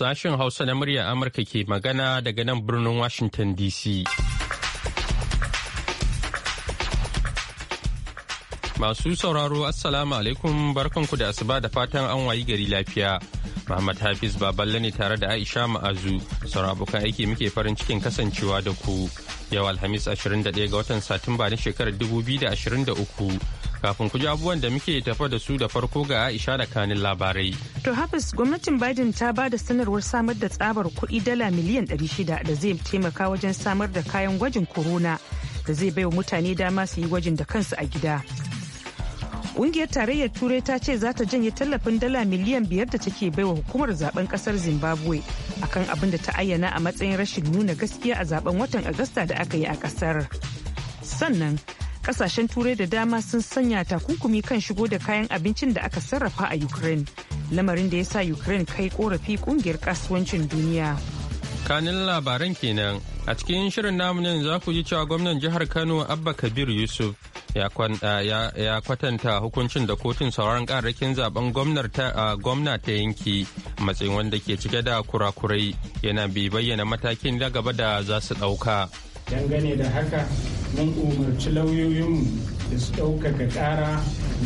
Sashen Hausa na muryar Amurka ke magana daga nan birnin Washington DC. Masu sauraro Assalamu alaikum barkanku da asuba da fatan an wayi gari lafiya. Muhammad Hafiz Baballe ne tare da Aisha Ma'azu sauran abokan aiki muke farin cikin kasancewa da ku. Yau Alhamis 21 ga watan Satumba na shekarar 2023. Kafin ku ji abubuwan da muke tafa da su da farko ga Aisha da kanin labarai. To Hafiz gwamnatin Biden ta ba da sanarwar samar da tsabar kuɗi dala miliyan 600 da zai taimaka wajen samar da kayan gwajin corona da zai baiwa mutane dama su yi gwajin da kansu a gida. Ƙungiyar tarayyar Turai ta ce za ta janye tallafin dala miliyan biyar da take baiwa hukumar zaben kasar Zimbabwe akan abin da ta ayyana a matsayin rashin nuna gaskiya a zaben watan Agusta da aka yi a kasar. Sannan kasashen turai da dama sun sanya takunkumi kan shigo da kayan abincin da aka sarrafa a ukraine lamarin da ya sa ukraine kai korafi kungiyar kasuwancin duniya kanin labaran kenan a cikin shirin namu za ku ji cewa gwamnan jihar kano abba kabir yusuf ya kwatanta hukuncin da kotun sauran karakin zaben gwamna ta yanki matsayin wanda ke cike da kurakurai yana bi bayyana matakin da gaba da za su ɗauka. dangane da haka mun umarci lauyoyinmu da su ɗaukaka ƙara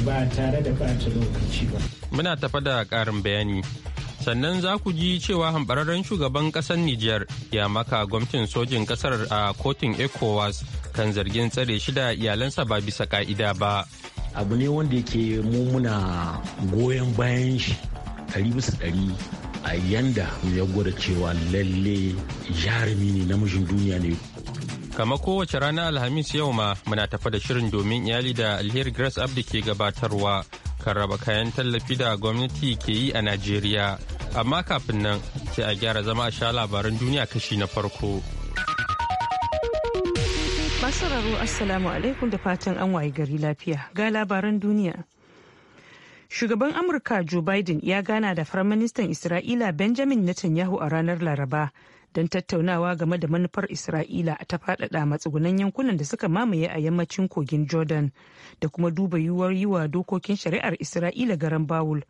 ba tare da ɓata lokaci ba muna tafa da ƙarin bayani sannan za ku ji cewa hambararren shugaban ƙasar Nijar ya maka gwamnatin sojin ƙasar a kotun ECOWAS kan zargin tsare shida iyalansa ba bisa ƙa'ida ba. Abu ne wanda yake mummuna goyon bayan shi ɗari bisa ɗari a yanda ya gwada cewa lalle jarumi ne namijin duniya ne. Kama kowace rana Alhamis yau ma muna tafa da shirin domin iyali da alheri Grace Abdi ke gabatarwa kan raba kayan tallafi da gwamnati ke yi a Najeriya. Amma kafin nan sai a gyara zama a sha labaran duniya kashi na farko. Masararru Assalamu alaikum da fatan an waye gari lafiya ga labaran duniya. Shugaban Amurka Joe Biden ya gana da Firaministan Isra'ila Benjamin Netanyahu a ranar Laraba don tattaunawa game da manufar Isra'ila a ta faɗaɗa matsugunan yankunan da suka mamaye a yammacin kogin Jordan da kuma duba yiwuwar yiwa dokokin shari'ar Isra'ila garan Bawul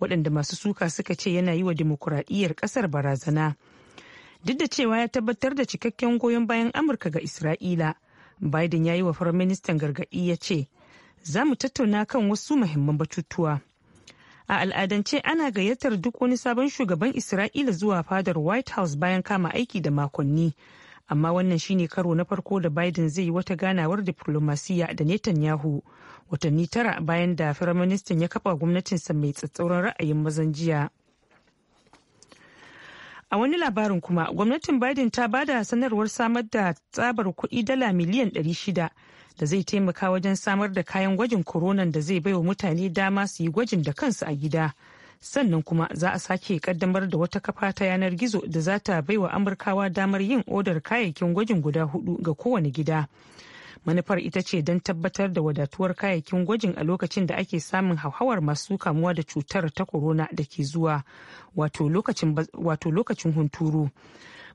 waɗanda masu suka suka ce yana yi wa dimokuraɗiyyar ƙasar barazana. Duk da cewa ya tabbatar da cikakken goyon bayan Amurka ga Isra'ila, Biden ya yi wa Firaministan gargaɗi ya ce, za mu tattauna kan wasu muhimman batutuwa. a al'adance ana gayyatar duk wani sabon shugaban isra'ila zuwa fadar white house bayan kama aiki da makonni amma wannan shine karo na farko da biden zai yi wata ganawar diplomasiya da netanyahu watanni tara bayan da firaministan ya kafa gwamnatinsa mai tsatsauran ra'ayin mazan jiya A wani labarin kuma gwamnatin Biden ta bada sanarwar samar da tsabar kuɗi dala miliyan 600 da zai taimaka wajen samar da kayan gwajin koronan da zai baiwa mutane dama su yi gwajin da kansu a gida. Sannan kuma za a sake kaddamar da wata kafa ta yanar gizo da za ta baiwa Amurkawa damar yin odar kayayyakin gwajin guda hudu ga kowane gida. manufar ita ce don tabbatar da wadatuwar kayayyakin gwajin a lokacin da ake samun hauhawar masu kamuwa da cutar ta corona da ke zuwa wato lokacin hunturu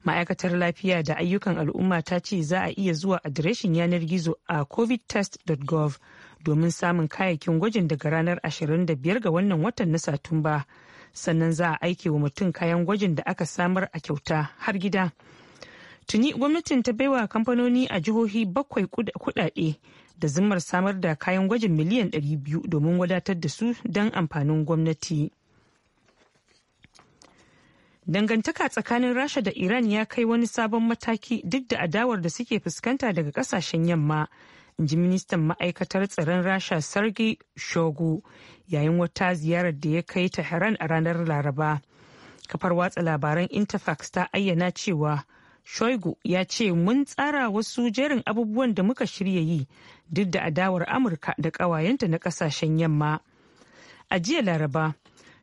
ma'aikatar lafiya da ayyukan al'umma ta ce za a iya zuwa adireshin yanar gizo a covidtest.gov domin samun kayayyakin gwajin daga ranar 25 ga wannan watan na satumba sannan za a aike wa mutum kayan gwajin da aka samar a kyauta har gida. Tuni gwamnatin ta baiwa kamfanoni a jihohi bakwai kudade da zimmar samar da kayan gwajin miliyan 200 domin wadatar da su don amfanin gwamnati. Dangantaka tsakanin Rasha da Iran ya kai wani sabon mataki duk da adawar da suke fuskanta daga kasashen yamma. in ji ministan ma'aikatar tsaron rasha sargi shogu yayin wata ziyarar da ya kai tehran a ranar laraba kafar watsa labaran interfax ta ayyana cewa Shoigu ya ce mun tsara wasu jerin abubuwan da muka shirya yi duk da adawar Amurka da ƙawayenta na ƙasashen yamma. A jiya Laraba,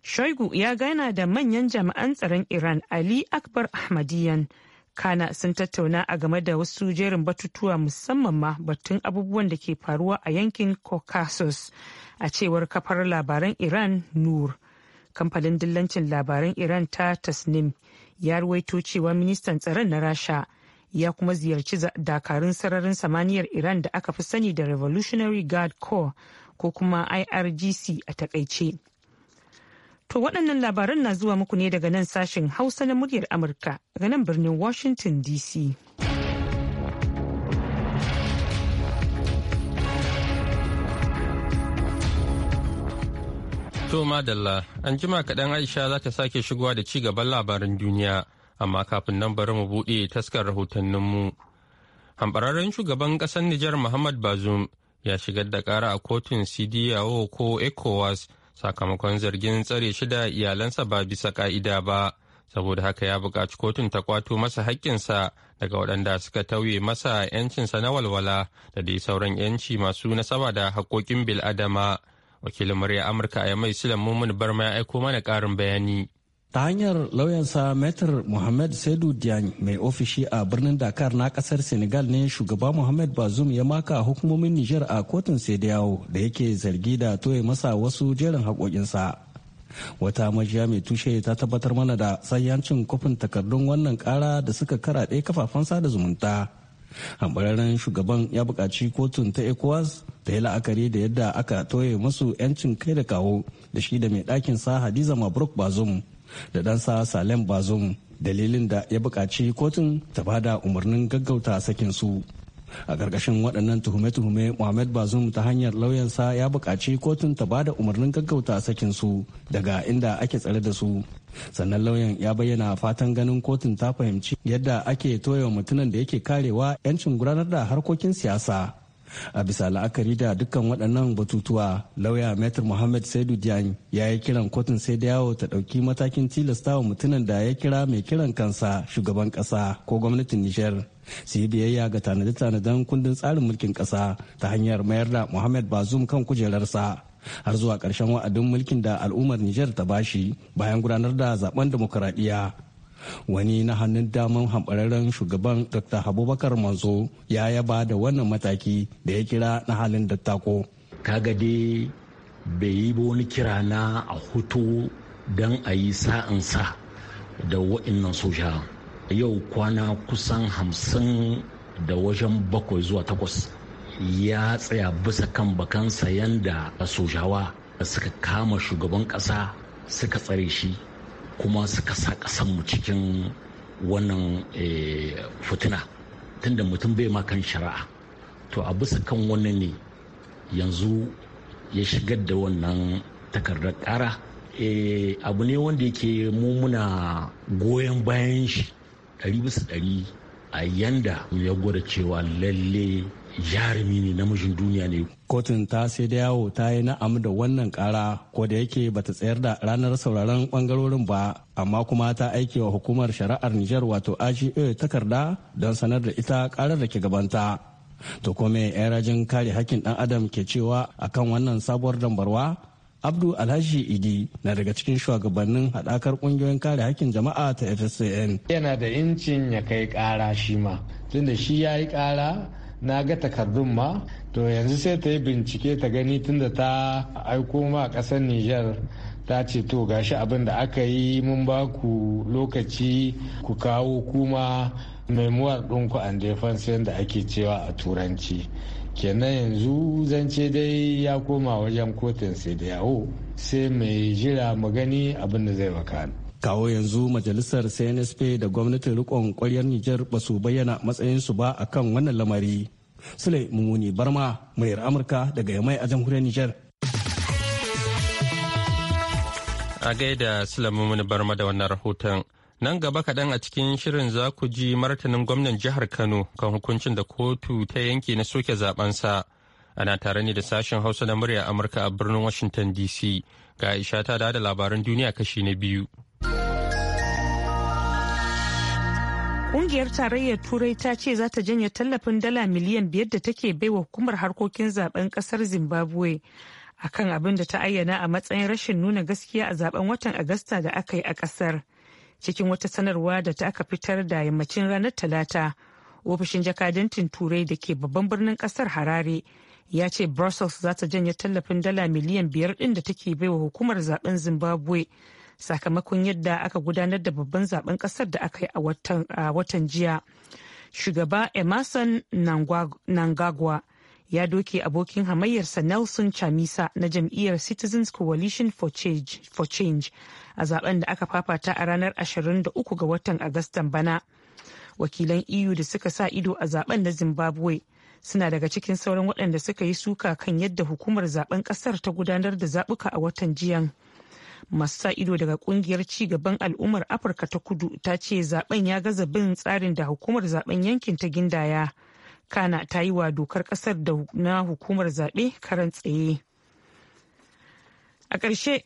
Shoigu ya gana da manyan jami'an tsaron Iran Ali Akbar Ahmadiyan. Kana sun tattauna a game da wasu jerin batutuwa musamman ma batun abubuwan da ke faruwa a yankin Caucasus a cewar kafar labaran Iran Nur. Kamfanin dillancin labaran Iran ta Tasnim ya ruwaito cewa ministan tsaron na rasha ya kuma ziyarci dakarun sararin samaniyar iran da aka fi sani da revolutionary guard corps ko kuma irgc a takaice to waɗannan labaran na zuwa muku ne daga nan sashen hausa na muryar amurka daga nan birnin washington dc To madalla, an jima kaɗan Aisha za ta sake shigowa da ci gaban labaran duniya, amma kafin nan bari mu buɗe taskar rahotanninmu. Hambararren shugaban ƙasar Nijar Muhammad Bazoum ya shigar da ƙara a kotun CDAO ko ECOWAS sakamakon zargin tsare shida iyalansa ba bisa ƙa'ida ba. Saboda haka ya buƙaci kotun ta kwato masa haƙƙinsa daga waɗanda suka tauye masa 'yancinsa na walwala da dai sauran 'yanci masu nasaba da haƙoƙin bil'adama. wakilin murya amurka a yamai silan mumun barma ya aiko mana karin bayani ta hanyar lauyansa metr mohamed seydou diyan mai ofishi a birnin dakar na kasar senegal ne shugaba mohamed bazoum ya maka hukumomin niger a kotun yawo da yake zargi da toye masa wasu jerin haƙoƙinsa wata majiya mai tushe ta tabbatar mana da sayyancin kofin takardun wannan kara da suka karaɗe kafafen sada zumunta hambararren shugaban ya buƙaci kotun ta ecowas ta yi la'akari da yadda aka toye masu 'yancin kai da kawo da shi da mai ɗakin sa hadiza mabruk bazum da ɗansa salem bazum dalilin da ya buƙaci kotun ta bada umarnin gaggauta sakin su a ƙarƙashin waɗannan tuhume-tuhume muhammad bazum ta hanyar lauyansa ya buƙaci kotun ta ba da umarnin gaggauta sakin su daga inda ake tsare da su sannan lauyan ya bayyana fatan ganin kotun ta fahimci yadda ake toya mutumin da yake karewa 'yancin gudanar da harkokin siyasa a bisa la'akari da dukkan waɗannan batutuwa lauya metr Mohammed saidu diyan ya yi kiran kotun sai da yawo ta ɗauki matakin tilasta wa mutumin da ya kira mai kiran kansa shugaban ƙasa ko gwamnatin nijar su yi biyayya ga tanade-tanaden kundin tsarin mulkin ƙasa ta hanyar mayar da muhammad bazum kan kujerarsa har zuwa ƙarshen wa'adin mulkin da al'ummar nijar ta bashi bayan gudanar da zaben dimokuraɗiyya wani na hannun daman hambararren shugaban dr habubakar manzo ya yaba da wannan mataki da ya kira na halin dattako kaga dai bai yi ba wani kira na a hutu don a yi sa da wa'innan soja yau kwana kusan hamsin da wajen bakwai zuwa takwas ya tsaya bisa kan bakansa yanda sojawa suka kama shugaban ƙasa suka tsare shi kuma suka sa ƙasanmu cikin wannan eh, fitina tunda mutum bai ma kan shari'a to a bisa kan wannan ne yanzu ya shigar da wannan takardar ƙara eh, abu ne wanda yake mummuna goyon bayan shi ɗari bisa ɗari a yanda ya gwada cewa lalle jarumi ne namijin duniya ne kotun ta sai da yawo ta yi na'am da wannan kara ko da yake bata tsayar da ranar sauraron bangarorin ba amma kuma ta aike wa hukumar shari'ar Nijar wato AGA takarda don sanar da ita karar da ke gabanta to kome yan rajin kare hakkin ɗan adam ke cewa akan wannan sabuwar dambarwa abdu alhaji idi na daga cikin shugabannin haɗakar ƙungiyoyin kare hakkin jama'a ta fscn yana da incin ya kai kara shi ma tunda shi ya yi ƙara na ga takardun ma to yanzu sai ta yi bincike ta gani tunda ta aiko ma kasar niger ta ce to gashi abin da aka yi mun ba ku lokaci ku kawo kuma memuwar ɗinku and defense yadda ake cewa a turanci kenan yanzu zance dai ya koma wajen kotun sai da yawo sai mai jira mu gani abin da zai wakana kawo yanzu majalisar cnsp da gwamnatin rikon kwaryar nijar ba su bayyana matsayinsu ba a kan wannan lamari sule mummuni barma mayar amurka daga yamai a jamhuriyar nijar a gaida sulai mummuni barma da wannan rahoton nan gaba kaɗan a cikin shirin za ku ji martanin gwamnan jihar kano kan hukuncin da kotu ta yanke na soke zabensa ana tare ne da sashen hausa na murya amurka a birnin washington dc ga aisha ta da labaran duniya kashi na biyu Kungiyar tarayyar Turai ta ce za ta janye tallafin dala miliyan biyar da take baiwa hukumar harkokin zaben kasar Zimbabwe akan abin da ta ayyana a matsayin rashin nuna gaskiya a zaben watan Agusta da aka yi a kasar. Cikin wata sanarwa da ta aka fitar da yammacin ranar Talata, ofishin jakadantin Turai da ke babban birnin kasar Harare ya ce Brussels za ta janye tallafin dala miliyan biyar ɗin da take baiwa hukumar zaben Zimbabwe. sakamakon yadda aka gudanar da babban zaben kasar da aka yi a watan jiya shugaba emerson nangagwa ya doke abokin hamayyarsa nelson chamisa na jam'iyyar citizens coalition for change, a zaben da aka fafata a ranar 23 ga watan agustan bana wakilan eu da suka sa ido a zaben na zimbabwe suna daga cikin sauran waɗanda suka yi suka kan yadda hukumar zaben ƙasar ta gudanar da zaɓuka a watan jiyan masu sa ido daga kungiyar ci gaban al'ummar afirka ta kudu ta ce zaben ya gaza bin tsarin da hukumar zaben yankin ta gindaya kana ta yi wa dokar kasar da na hukumar zaɓe karan tsaye a ƙarshe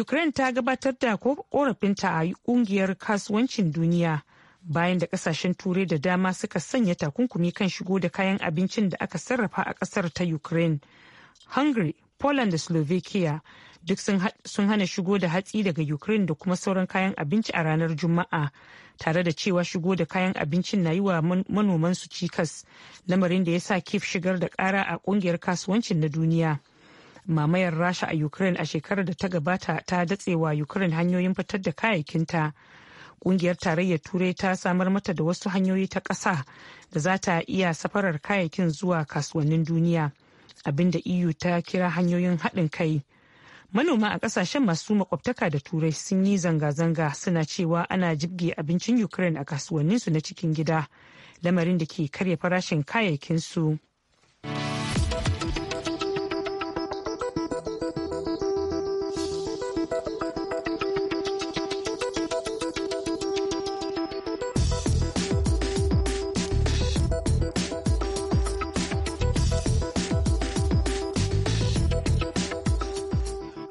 ukraine ta gabatar da korafinta a kungiyar kasuwancin duniya bayan da kasashen turai da dama suka sanya takunkumi kan shigo da kayan abincin da aka sarrafa a kasar ta ukraine hungary Poland da Slovakia duk sun hana shigo da hatsi daga Ukraine da kuma sauran kayan abinci a ranar Juma'a tare da cewa shigo da kayan abincin na yi wa manoman su cikas lamarin da ya sa Kif shigar da kara a kungiyar kasuwancin na duniya. Mamayar Rasha a Ukraine a shekarar da ta gabata ta datsewa Ukraine hanyoyin fitar da kayayyakinta. Kungiyar tarayyar Turai ta samar mata da wasu hanyoyi ta ƙasa da za ta iya safarar kayayyakin zuwa kasuwannin duniya. abinda EU ta kira hanyoyin haɗin kai. Manoma a ƙasashen masu makwabtaka da turai sun yi zanga-zanga suna cewa ana jibge abincin Ukraine a kasuwanninsu na cikin gida, lamarin da ke karya farashin kayayyakinsu. su.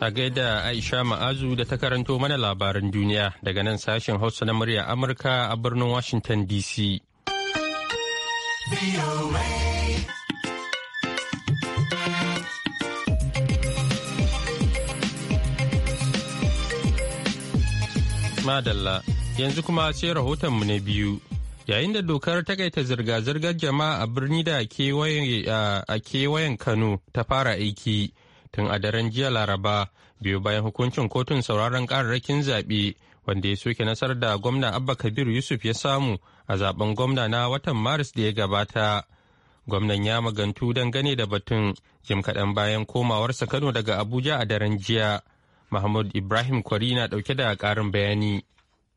A gaida Aisha Ma'azu da ta karanto mana labaran duniya daga nan sashen Hausa na murya Amurka a birnin Washington DC. Madalla, yanzu kuma sai rahotonmu na biyu. Yayin da dokar takaita zirga-zirgar jama'a a birni da a kewayen Kano ta fara aiki. tun a daren jiya laraba biyu bayan hukuncin kotun sauraron kararrakin zaɓe wanda ya soke nasar da gwamna abba kabir yusuf ya samu a zaben gwamna na watan maris da ya gabata gwamnan ya magantu dangane da batun jim kaɗan bayan komawarsa kano daga abuja a daren jiya mahmud ibrahim kwari na ɗauke da ƙarin bayani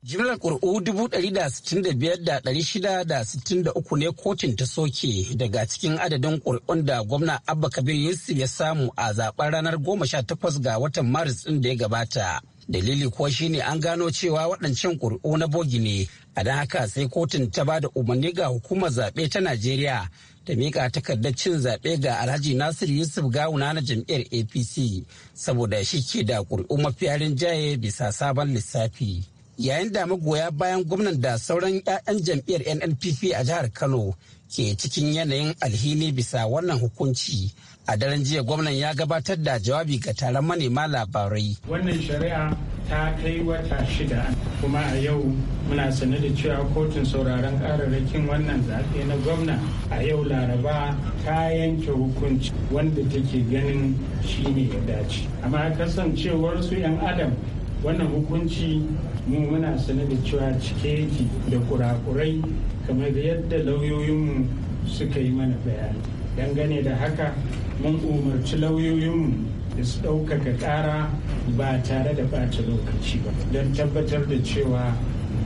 jimlar ƙuri'u 665,663 ne kotun ta soke daga cikin adadin ƙuri'un da gwamna abba kabir yusuf ya samu a zaɓen ranar 18 ga watan maris ɗin da ya gabata dalili kuwa shine an gano cewa waɗancan ƙuri'u na bogi ne a don haka sai kotun ta ba da umarni ga hukumar zaɓe ta najeriya Ta miƙa takardar cin zaɓe ga alhaji nasir yusuf gawuna na jam'iyyar apc saboda shi ke da ƙuri'u mafiya rinjaye bisa sabon lissafi yayin da magoya bayan gwamnan da sauran 'ya'yan jam'iyyar nnpp a jihar kano ke cikin yanayin alhini bisa wannan hukunci a daren jiya gwamnan ya gabatar da jawabi ga taron manema labarai wannan shari'a ta kai wata shida kuma a yau muna sane da cewa kotun sauraron kararrakin wannan zaɓe na gwamna a yau laraba ta yanke hukunci wanda take ganin shine ya dace amma kasancewar su 'yan adam wannan hukunci mu muna sanar da cewa cike yake da kurakurai kamar yadda lauyoyinmu suka yi mana bayani dangane da haka mun umarci lauyoyinmu da su ɗaukaka ƙara ba tare da ɓata lokaci ba don tabbatar da cewa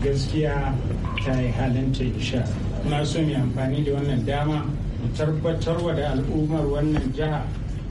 gaskiya ta yi halinta isha na so mai amfani da wannan dama mu tabbatar wa da al'ummar wannan jiha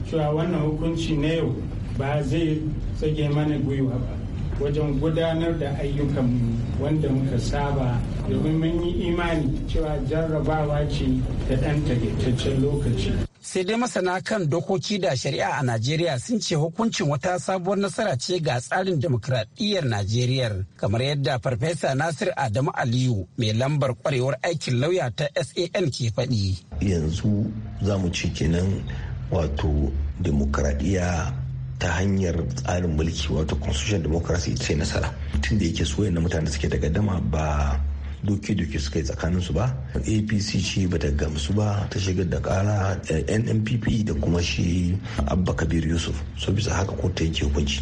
cewa wannan hukunci na yau ba zai tsage mana gwiwa ba wajen gudanar da ayyukanmu wanda muka saba domin mun yi imani cewa jarrabawa ce ta ɗan takaitaccen lokaci. sai dai masana kan dokoki da shari'a a najeriya sun ce hukuncin wata sabuwar nasara ce ga tsarin demokradiyyar najeriya kamar yadda farfesa nasir adamu aliyu mai lambar kwarewar aikin lauya ta san ke faɗi yanzu za mu ce kenan wato demokradiyya ta hanyar tsarin mulki wato constitution democracy ce nasara tun da yake soyayya na mutane suke da gaddama ba doki doki suka yi tsakanin su ba apc ce ba ta gamsu ba ta shigar da kara eh, nnpp da kuma shi abba kabir yusuf so bisa haka ko ta yanke hukunci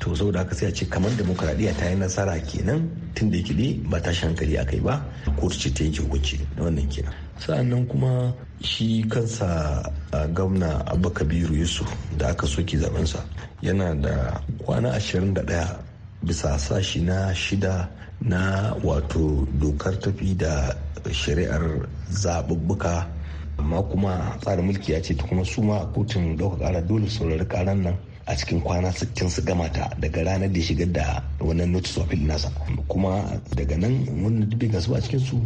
to saboda haka sai a ce kamar demokradiyya ta yi nasara kenan tun da yake ba ta hankali a kai ba kotu ce ta yake hukunci da wannan kenan sa'annan kuma shi kansa a gwamna abba kabiru yusuf da aka soke zabensa yana da kwana ashirin da ɗaya bisa sashi na shida na wato dokar tafi da shari'ar zaɓuɓɓuka amma kuma tsarin mulki ya ce ta kuma su ma a kotun ɗaukar ƙara dole saurari ƙaran nan a cikin kwana 60 su gama daga ranar da shigar da wannan notice of nasa kuma daga nan wannan dubbe ga su a cikin su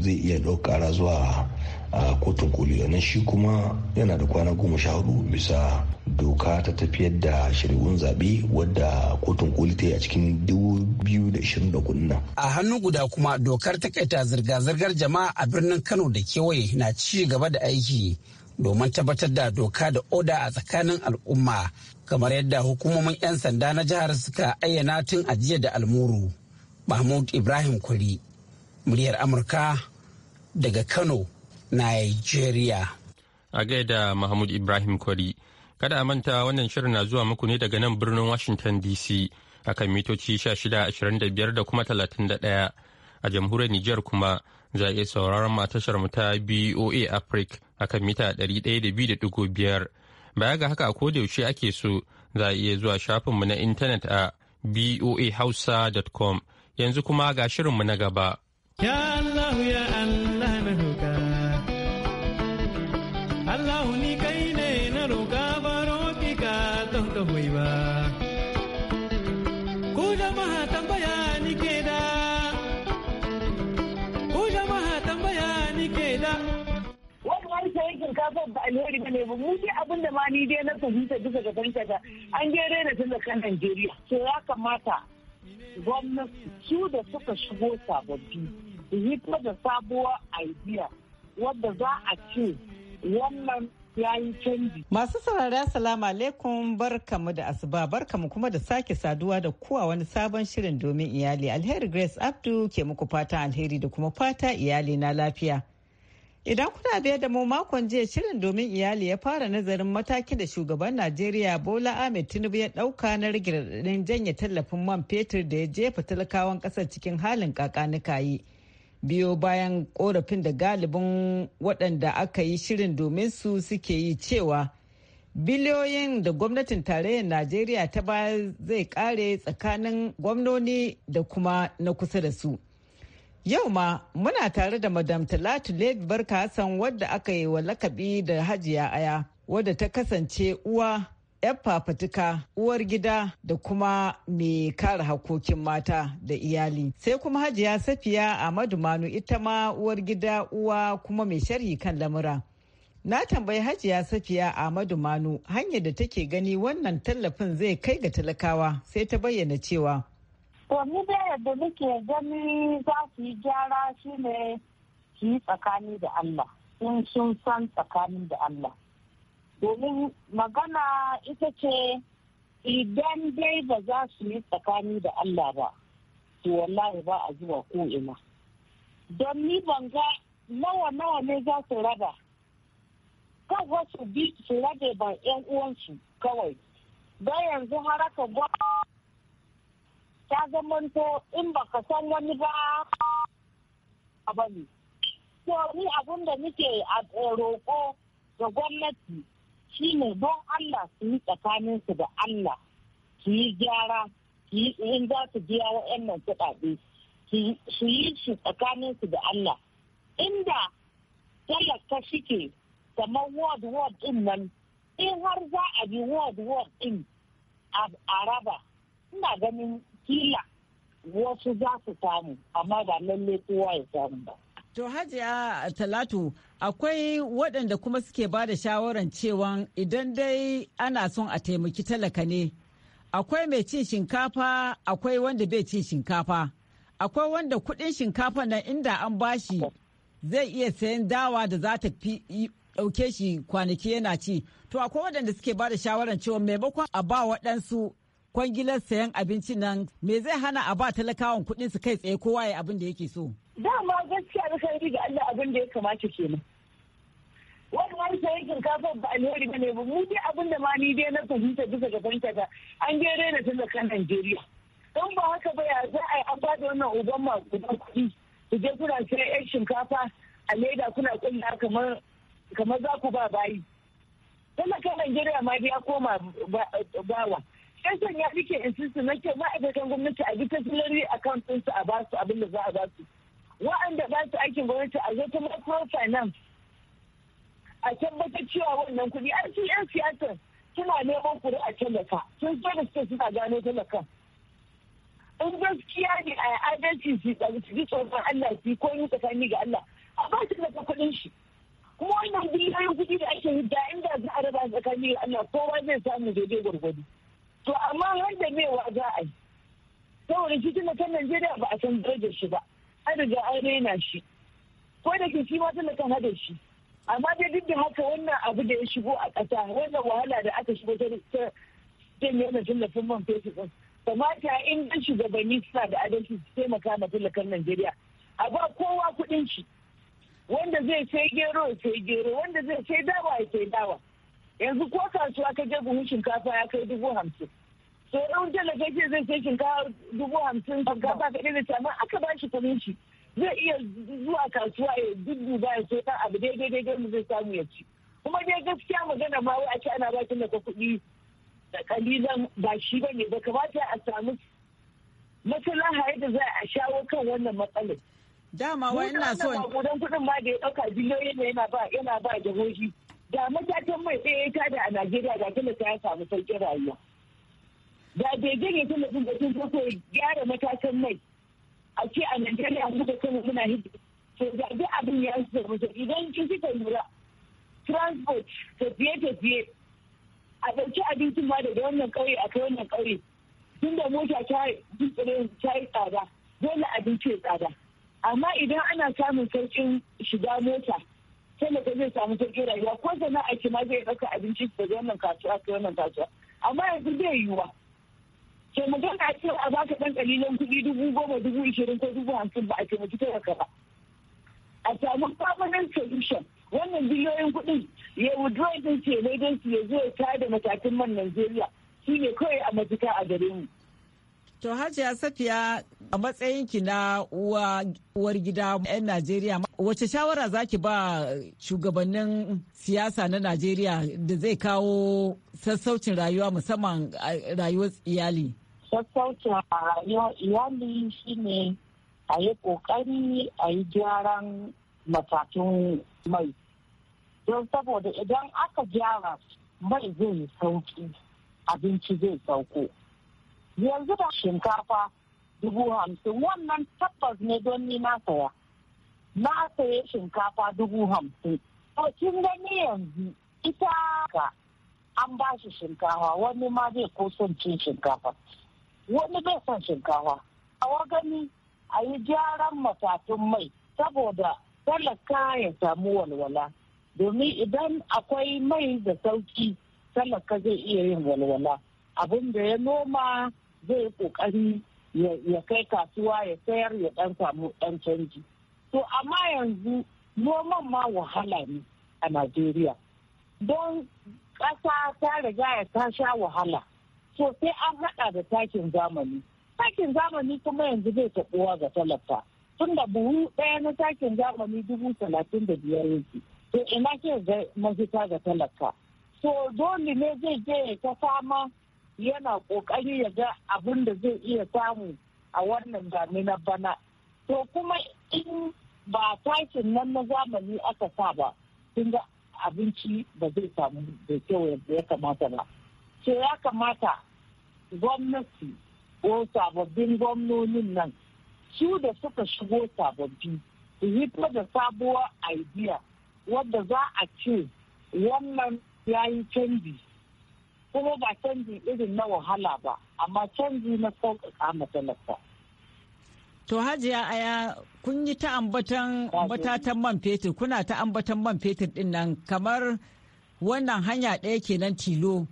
zai iya ɗaukara zuwa a kotun koli nan shi kuma yana da kwana goma sha hudu bisa doka ta tafiyar da shari'un zabe wadda kotun koli ta yi a cikin dubu biyu da da ishirin kudin nan. a hannu guda kuma dokar takaita zirga-zirgar jama'a a birnin kano da kewaye na ci gaba da aiki domin tabbatar da doka da oda a tsakanin al'umma kamar yadda hukumomin 'yan sanda na jihar suka ayyana tun ajiya da almuru mahmud ibrahim kwari muryar amurka daga kano nigeria a gaida mahmud ibrahim kwari kada a manta wannan shirin na zuwa muku ne daga nan birnin washington dc akan mitoci 1625 da kuma 31 a jamhuriyar niger kuma za a iya sauraron tashar mu ta boa africa akan mita da 102.5 Baya ga haka a yaushe ake so za a iya zuwa shafinmu na intanet a boahausa.com yanzu kuma ga shirinmu na gaba. Ya Allah ya Allah. shinkafa ba alheri ba ne ba mu dai abin da ma ni dai na fahimta duka ga fahimta an dai da talakan Najeriya to ya kamata gwamnati su da suka shigo sababbi yi da sabuwar idea wadda za a ce wannan ya canji. Masu saurari assalamu alaikum barkamu da asuba barkamu kuma da sake saduwa da kuwa wani sabon shirin domin iyali alheri Grace Abdu ke muku fata alheri da kuma fata iyali na lafiya. Idan kuna biya da mu makon jiya shirin domin iyali ya fara nazarin mataki da shugaban Najeriya Bola Ahmed Tinubu ya dauka na raɗaɗin janye tallafin man fetur da ya jefa talakawan kasar cikin halin yi. Biyo bayan korafin da galibin waɗanda aka yi shirin domin su suke yi cewa biliyoyin da gwamnatin tarayyar Najeriya ta baya zai kare tsakanin gwamnoni da kuma na kusa da su. Yau ma muna tare da Madam Talatu Late Barka Hassan wadda aka yi wa lakabi da Hajiya Aya wadda ta kasance uwa 'yar fafatuka uwar gida da kuma mai kare hakokin mata da iyali sai kuma hajiya safiya ahmadu manu ita ma uwar gida uwa kuma mai sharhi kan lamura na tambayi hajiya safiya ahmadu manu hanyar da take gani wannan tallafin zai kai ga talakawa sai ta bayyana cewa To ni da yadda muke gani za su yi gyara shi ne su yi tsakani da Allah, sun sun san tsakani da Allah. Domin magana ita ce idan dai ba za su yi tsakani da Allah ba, to wallahi ba a zuwa ko'ina. Don ni ban ga nawa-nawa ne za su raba, kan wasu bi su rabe ba 'yan uwansu kawai. Don yanzu harakan gwamnati ta zamanto in ba ka san wani ba a bane to ni abin da nake a eh, roƙo ga gwamnati shine don Allah su yi tsakaninsu da Allah su yi gyara in za su biya wa'annan kuɗaɗe su yi shi tsakaninsu da Allah inda talaka shike kamar ward ward din nan in har za a bi ward ward din a raba ina ganin kila wasu za su samu amma ba lalle kowa ya samu ba. To Hajiya Talatu akwai waɗanda kuma suke ba da shawaran cewa idan dai ana son a taimaki talaka ne akwai mai cin shinkafa akwai wanda bai cin shinkafa akwai wanda kuɗin shinkafa na inda an bashi zai iya sayan dawa da za ta fi ɗauke shi kwanaki yana ci to akwai waɗanda suke ba da shawaran cewa maimakon a ba waɗansu kwangilar sayan abinci nan me zai hana a ba talakawan kuɗin su kai tsaye kowa ya abin da yake so. ma gaskiya da sai ga Allah abin da ya kamata kenan. Wani wani sayan shinkafa ba alheri ba ne ba mu dai abin da ma ni dai na fahimta bisa ga fahimta an dai raina kan Najeriya. Don ba haka ba ya za a yi an bada wannan uban guda kuɗi. su je kuna sayan 'yan shinkafa a leda kuna kulla kamar kamar za ku ba bayi. kan Najeriya ma ya koma bawa. yan sanya nake insisti na ce ma'aikatan gwamnati a bi ta a kan ɗinsu a ba su abin da za a ba su wa'anda ba su aikin gwamnati a zo ta a tabbatar cewa wannan kudi an su yan siyasa suna neman kuri a talaka sun so da suke suna gano talaka in gaskiya ne a adalci su su ji tsoron Allah su ko yi tsakani ga Allah a ba su daga kudin shi kuma wannan biliyoyin kudi da ake yi da inda za a raba tsakani ga Allah kowa zai samu daidai gwargwado. to amma har da mewa za a yi saboda shi tun kan najeriya ba a san da shi ba an riga an raina shi ko da ke shi ma kan hada shi amma dai duk da haka wannan abu da ya shigo a ƙasa wannan wahala da aka shigo ta tun wannan tun man fetur ɗin kamata in ɗan shugabanni suna da adalci su taimaka ma kan najeriya a ba kowa kuɗin shi wanda zai sai gero sai gero wanda zai sai dawa sai dawa yanzu ko kasuwa ka je buhun shinkafa ya kai dubu hamsin to ɗan talakashi zai sai shinkafa dubu hamsin shinkafa ka ɗaya da aka ba shi kuɗin shi zai iya zuwa kasuwa ya dudduba ya so ɗan abu daidai daidai mu zai samu ya ci kuma dai gaskiya magana ma wai a ce ana ba ta maka kuɗi da kalilan ba shi ba ne ba kamata a samu maslaha yadda za a shawo kan wannan matsalar. Dama wai ina so. Wannan kuɗin ma da ya ɗauka biliyoyin yana ba yana ba jihohi. da matatan mai ɗaya ta da a Najeriya da kuma ta samu sauƙin rayuwa. Da begen ya talafin da sun ko gyara matakan mai a ce a Najeriya da kuma muna hidda. To da duk abin ya samu sauƙi don kin kika lura transport tafiye-tafiye a ɗauki abincin ma daga wannan ƙauye a kai wannan ƙauye tun da mota ta yi tsada dole abinci ya tsada amma idan ana samun sauƙin shiga mota talaka zai samu sauƙin rayuwa ko sana'a aiki ma zai ɗauka abinci zai wannan kasuwa ko wannan kasuwa amma yanzu zai bai yiwuwa ke magana a cewa a ka ɗan ƙalilan kuɗi dubu goma dubu ishirin ko dubu hamsin ba a taimaki ka ba a samu permanent solution wannan biliyoyin kuɗin ya withdraw din ce ne don su ya zo ya tada matakin man Najeriya shi ne kawai a mafita a gare mu. To Hajiya Safiya a matsayinki na uwar gida 'yan Najeriya wace shawara zaki ba shugabannin siyasa na Najeriya da zai kawo sassaucin rayuwa musamman rayuwar iyali? Sassaucin rayuwar iyali shine a yi kokari a yi gyaran matakin mai. Don saboda idan aka gyara mai zai sauki abinci zai sauko. yanzu da shinkafa dubu hamsin wannan tabbas ne don ni na saya na saya shinkafa dubu hamsin to kin gani yanzu ita ka an ba shi shinkafa wani ma zai ko son cin shinkafa wani bai son shinkafa a gani a yi gyaran matatun mai saboda talaka ya samu walwala domin idan akwai mai da sauki talaka zai iya yin walwala abin da ya noma zai yi kokari ya kai kasuwa ya sayar ya dan samu dan canji to amma yanzu noman ma wahala ne a najeriya don ƙasa ta riga ta sha wahala sosai sai an haɗa da takin zamani takin zamani kuma yanzu zai taɓuwa ga talaka tunda buhu ɗaya na takin zamani dubu talatin da biyar yake to ina ke ga mafita ga talaka so dole ne zai je ta fama yana kokari ya ga abin da zai iya samu a wannan na bana to kuma in ba takin nan na zamani aka sa ba sun ga abinci ba zai samu da kyau yadda ya kamata ba ce ya kamata gwamnati ko sababbin gwamnonin nan su da suka shigo sababbi su hito da sabuwar idea wadda za a ce wannan ya yi canji kuma ba canji irin na wahala ba amma canji na sauƙaƙa matsalarsa. To hajiya aya kun yi ta ambatan matatan man fetur kuna ta ambatan man fetur din nan kamar wannan hanya ɗaya kenan tilo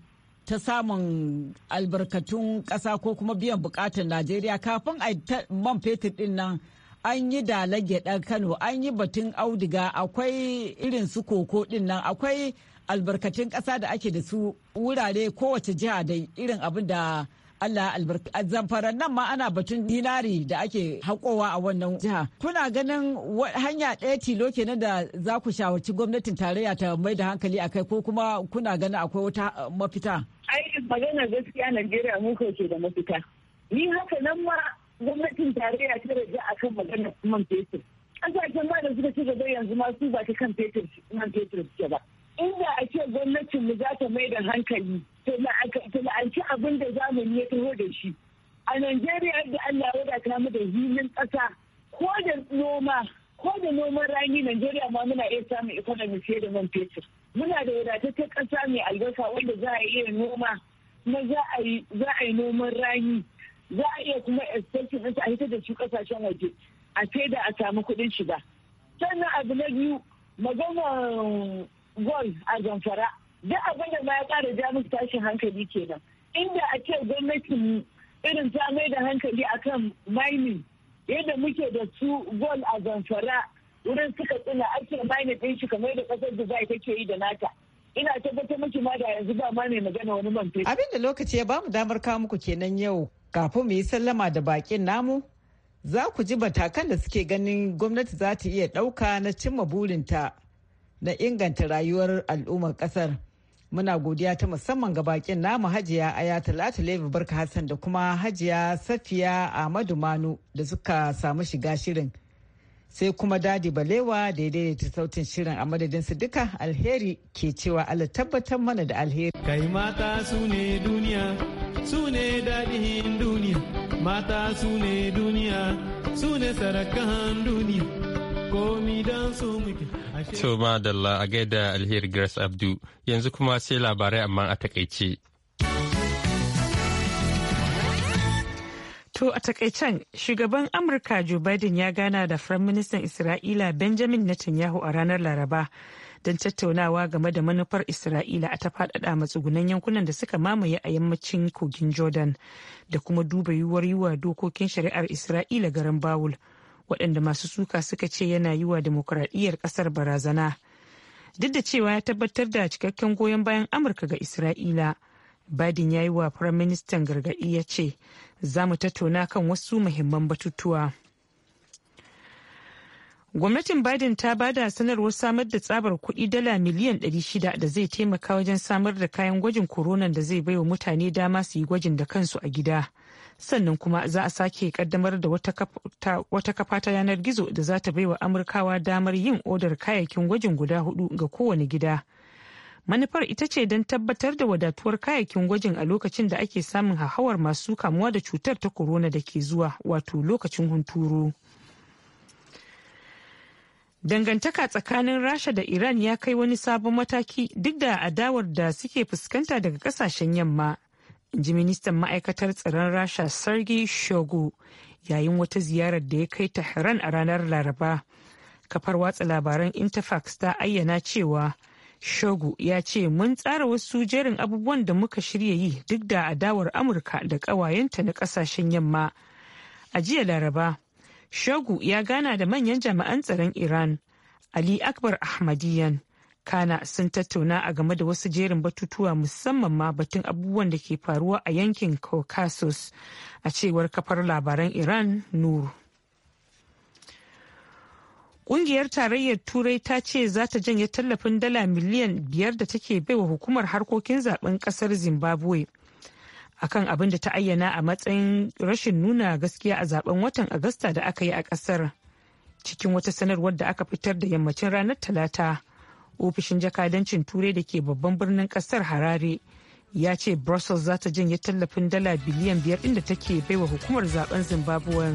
ta samun albarkatun ƙasa ko kuma biyan buƙatar Najeriya kafin a man fetur din nan an yi dalage ɗan Kano an yi batun audiga akwai irin su koko din nan akwai albarkatun ƙasa da ake da su wurare kowace jiha da irin abin da Allah albarka a nan ma ana batun dinari da ake haƙowa a wannan jiha. Kuna ganin hanya ɗaya tilo kenan da za ku shawarci gwamnatin tarayya ta mai da hankali a kai ko kuma kuna ganin akwai wata mafita? Ai magana gaskiya Najeriya mu ke da mafita. Ni haka nan ma gwamnatin tarayya ta rage a kan maganar man fetur. Ƙasashen ba da suka ci gaba yanzu ma su ba ta kan fetur man fetur ba. inda a ce gwamnatin mu za ta mai da hankali ta la'anci abin da zamani ya taho da shi a najeriya da allah wadata mu da hilin ƙasa ko da noma ko da noman rani Najeriya ma muna iya samun economy fiye da man fetur. Muna da wadataccen ƙasa mai albasa wanda za a iya noma kuma za a yi noman rani za a iya kuma extension ɗinsa a hita da su ƙasashen waje a sai da a samu kuɗin shiga. Sannan abu na biyu maganar gol a zamfara duk abin da ma ya kara ja musu tashin hankali kenan inda a ce gwamnati irin ta mai da hankali akan mining yadda muke da su gol a zamfara wurin suka tsina ake mining ɗin shi kamar da ƙasar dubai take yi da nata ina tabbatar miki ma da yanzu ba ma mai magana wani man fetur. Abin da lokaci ya bamu damar kawo muku kenan yau kafin mu yi sallama da bakin namu za ku ji matakan da suke ganin gwamnati za ta iya ɗauka na cimma burinta na inganta rayuwar al'ummar kasar. Muna godiya ta musamman ga bakin namu hajiya aya talatu lebe barka Hassan da kuma hajiya safiya Ahmadu Manu da suka samu shiga shirin. Sai kuma dadi balewa da ya daidaita sautin shirin a madadin su duka alheri ke cewa Allah tabbatar mana da alheri. Kai mata su ne duniya, su ne dadihin duniya, mata su ne duniya, su ne sarakan duniya. To ma su a gaida alheri Grace Abdu yanzu kuma sai labarai amma a takaice. To a takaicen shugaban Amurka Joe Biden ya gana da ministan Isra'ila Benjamin Netanyahu a ranar Laraba don tattaunawa game da manufar Isra'ila a ta faɗaɗa matsugunan yankunan da suka mamaye a yammacin kogin Jordan da kuma duba yiwuwar yiwa dokokin shari'ar Isra'ila garin Bawul. waɗanda masu suka suka ce yana yi wa demokuraɗiyyar ƙasar barazana duk da cewa ya tabbatar da cikakken goyon bayan amurka ga isra'ila biden ya yi wa firaministan gargaɗi ya ce za mu tattauna kan wasu muhimman batutuwa gwamnatin biden ta ba da sanarwar samar da tsabar kuɗi dala miliyan 600 da zai taimaka wajen samar da kayan gwajin koronan da zai baiwa mutane dama su yi gwajin da kansu a gida sannan kuma za a sake kaddamar da wata kafa ta yanar gizo da za ta baiwa amurkawa damar yin odar kayayyakin gwajin guda hudu ga kowane gida manufar ita ce don tabbatar da wadatuwar kayayyakin gwajin a lokacin da ake samun hahawar masu kamuwa da cutar ta corona da ke zuwa wato lokacin hunturu dangantaka tsakanin rasha da iran ya kai wani sabon mataki duk da adawar da suke fuskanta daga kasashen yamma ji ministan ma'aikatar tsaron rasha sergei shogu yayin wata ziyarar da ya kai tehran a ranar laraba kafar watsa labaran interfax ta ayyana cewa shogu ya ce mun tsara wasu jerin abubuwan da muka shirya yi duk da adawar amurka da ƙawayenta na ƙasashen yamma a jiya laraba shogu ya gana da manyan jami'an tsaron iran ali akbar ahmadiyan kana sun tattauna a game da wasu jerin batutuwa musamman ma batun abubuwan da ke faruwa a yankin caucasus a cewar kafar labaran iran nur Ƙungiyar tarayyar Turai ta ce za ta janye tallafin dala miliyan biyar da take baiwa hukumar harkokin zaben ƙasar Zimbabwe. akan abin da ta ayyana a matsayin rashin nuna gaskiya a zaben watan Agusta da aka yi a kasar cikin wata sanarwar da aka fitar da yammacin ranar talata ofishin jakadancin turai da ke babban birnin kasar harare ya ce brussels za ta janye tallafin dala biliyan biyar inda take baiwa hukumar zaben zimbabwe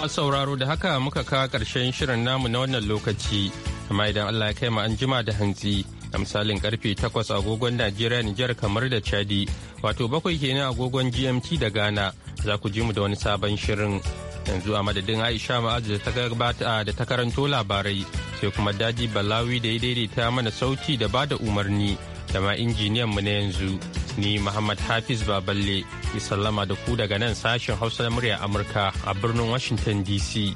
masu sauraro da haka muka kawo karshen shirin namu na wannan lokaci amma idan allah ya kai mu an jima da hantsi a misalin karfe 8 agogon najeriya nijar kamar da chadi wato bakwai kenan agogon gmt da ghana za ku ji mu da wani sabon shirin yanzu a madadin aisha ma'azu da ta gabata da ta karanto labarai sai kuma daji balawi da ya daidaita mana sauti da ba da umarni da ma injiniyan mu na yanzu ni muhammad hafiz baballe mi sallama da ku daga nan sashen hausa na murya amurka a birnin washington dc